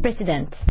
President.